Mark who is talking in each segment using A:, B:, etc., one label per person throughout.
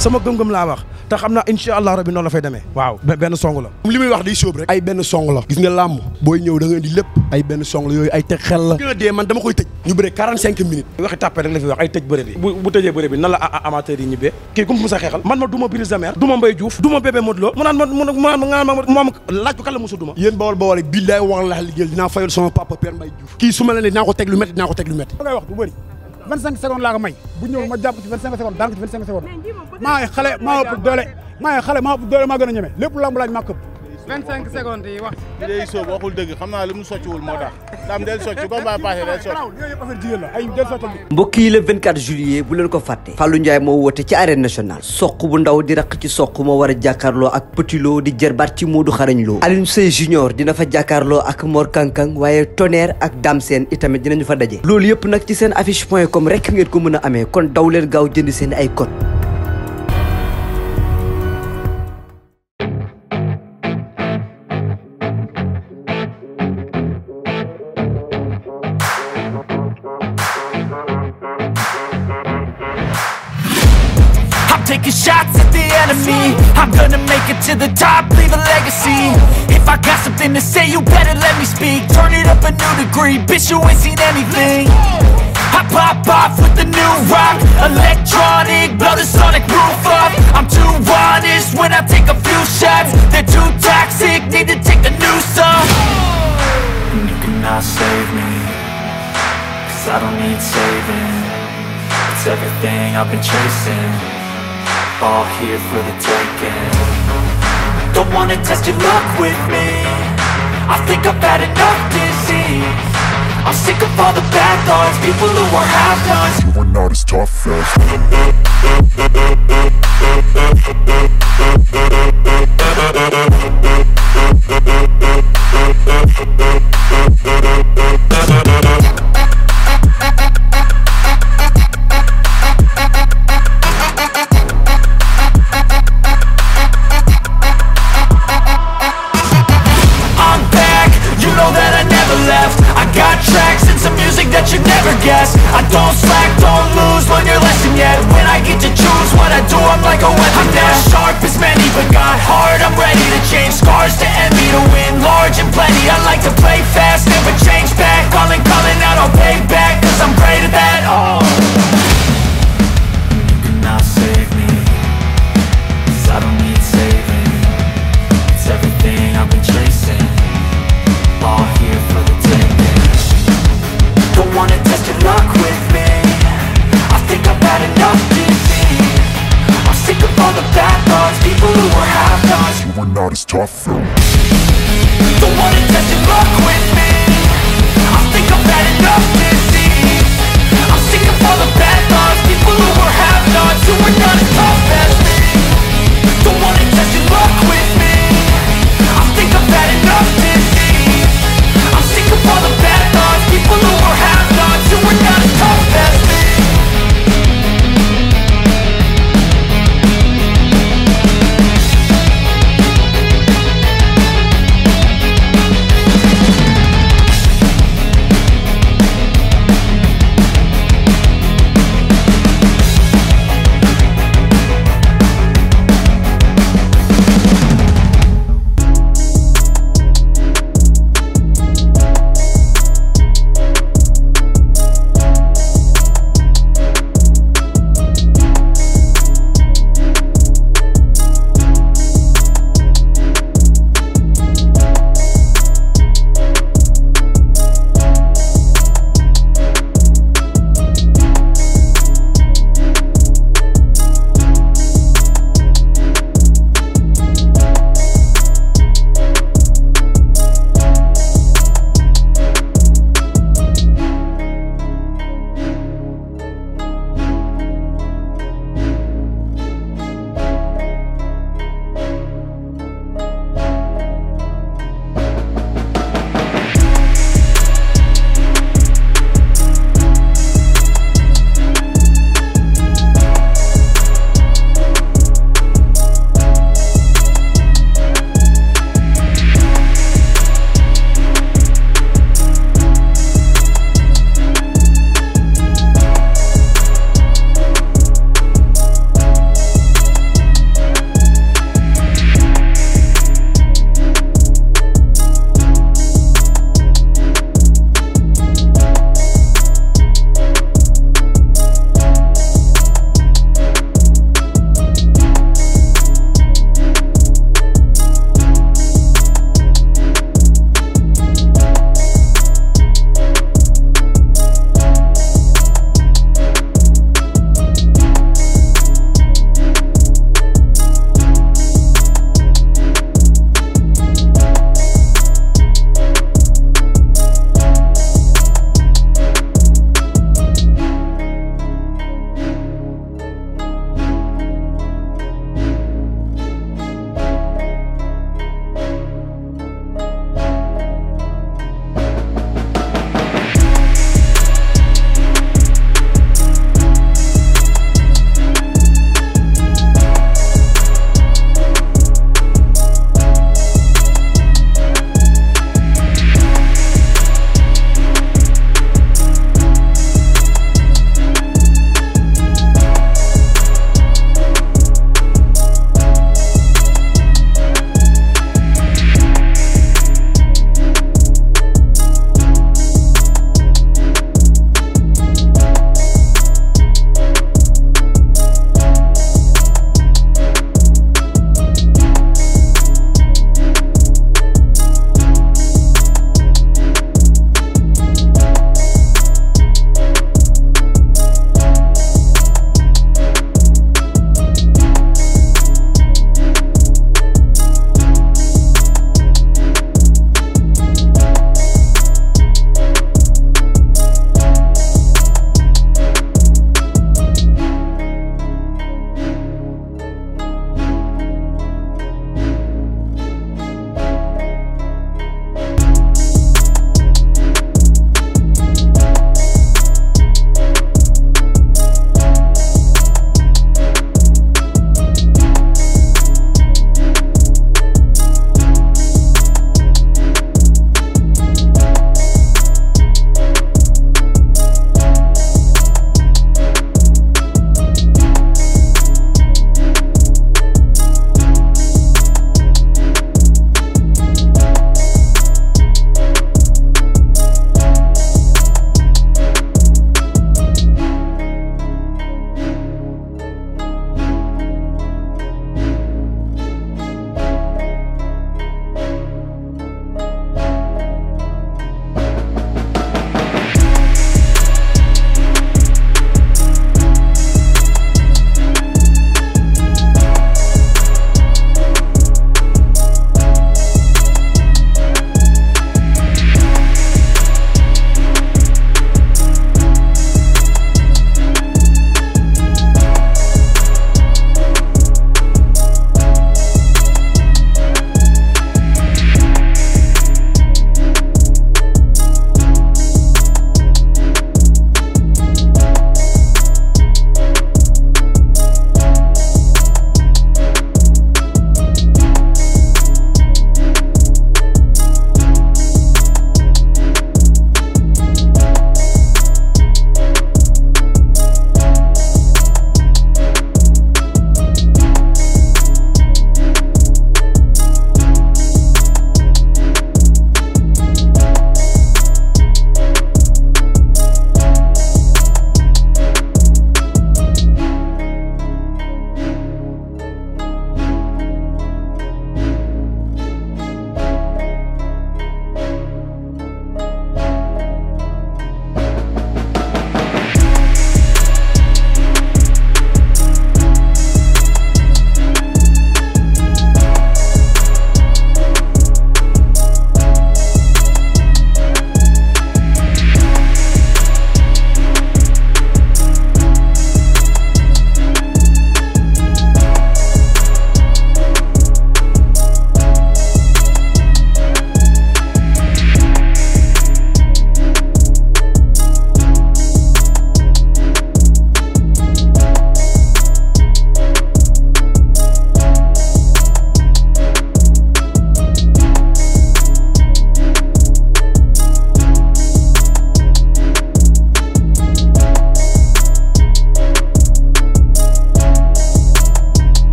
A: sama gëm-gëm laa wax te xam naa incha allah rabi noonu la fay demee waaw benn song la li muy wax di sóob rek ay benn song la gis nga làmb booy ñëw da indi lépp ay benn song la yooyu ay teg xel la a dee man dama koy tëj ñu bëre 45 minutes waxi tàppee rek fi wax ay tëj bëre bi bu tëjee bëre bi nan la amateur yi ñibbee kii ku mu sa xeexal man ma duma Brise de Mer duma Mbaye Diouf duma bébé Modou Lo ma mu naan ma moom laaj ko kan la mosa duma yéen bawal bawal rek billaay wax la liggéey dinaa fayal sama papa ma leen 25 secondes laa ko may bu ñëw ma jàpp ci 25 secondes daan ko ci 25 secondes maa ngi xale maa ëpp doole maa ngi xale maa ëpp doole maa gën a ñeme lépp lamb laaj maa këpp 25 secondes yi wax. li day sóob waxul mu socciwul moo tax daam del socc comme ba passé del socc.
B: mbokk yi le 24 juillet bu leen ko fàtte. Fallou Ndiaye moo woote ci arène national soq bu ndaw di raq ci soq moo war a jàkkaarloo ak Petit Lo di jërbaat ci Modou Xarañ Lo. Alioune Seye Junior dina fa jàkkaarloo ak Mor Kankang waaye Tonnerre ak Dame Sène itamit dinañu fa daje. loolu yëpp nag ci seen affice point comme rek ngeen ko mën a amee kon daw leen gaaw jënd seen ay code.
A: to the top, leave a legacy If I got something to say, you better let me speak Turn it up a new degree, bitch, you ain't seen anything I pop off with the new rock Electronic, blow the sonic roof up I'm too honest when I take a few shots They're too toxic, need to take a new song And you
B: cannot save me Cause I don't need saving It's everything I've been chasing All here for the taking wanna test your luck with me I think I've had enough disease I'm sick of all the bad thoughts, people who are half-nots You are not as tough as... Staffel.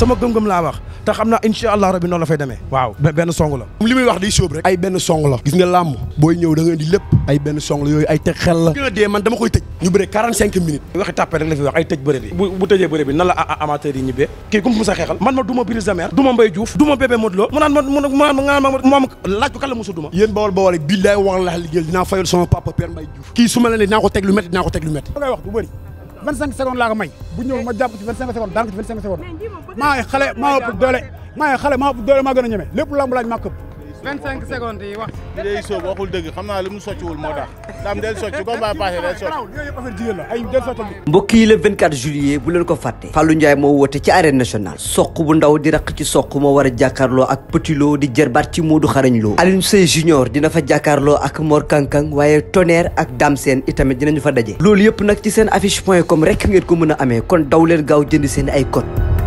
A: sama gëm-gëm laa wax te xam naa incha allah rabi noonu la fay demee waaw benn song la li muy wax day sóob rek ay benn song la gis nga làmm booy ñëw da nga di lépp ay benn song la yooyu ay teg xel la a dee man dama koy tëj ñu bëre 45 minutes waxi tàppe rek fi wax ay tëj bëre bi bu tëjee bëre bi nan la amateur yi ñibbee kii gum mu sa xeexal man ma duma Brise de Mer duma Mbaye Diouf duma bébé Modou Lo ma mu naan ma moom laaj ma leen 25 secondes laa ko may bu ñëw ma jàpp ci 25 secondes daan ko ci 25 secondes maa ngi xale maa ëpp doole maa ngi xale maa ëpp doole maa gën a ñeme lépp lamb laaj maa këpp 25 secondes yi wax. bi day soob waxul mu socciwul moo tax daam del socc comme ba passé del socc.
B: mbokk yi le bu leen ko fàtte. Fallou Ndiaye moo woote ci arène nationale. soq bu ndaw di raq ci soq moo war a jàkkaarloo ak Petit Lo di jërbaat ci Modou Xarañ Lo. Alioune Seye junior dina fa jàkkaarloo ak Mor Kankang waaye Tonnerre ak Dame Sène itamit dinañu fa daje. loolu yëpp nag ci seen affice point com rek ngeen ko mën a amee kon daw leen gaaw jënd seen ay code.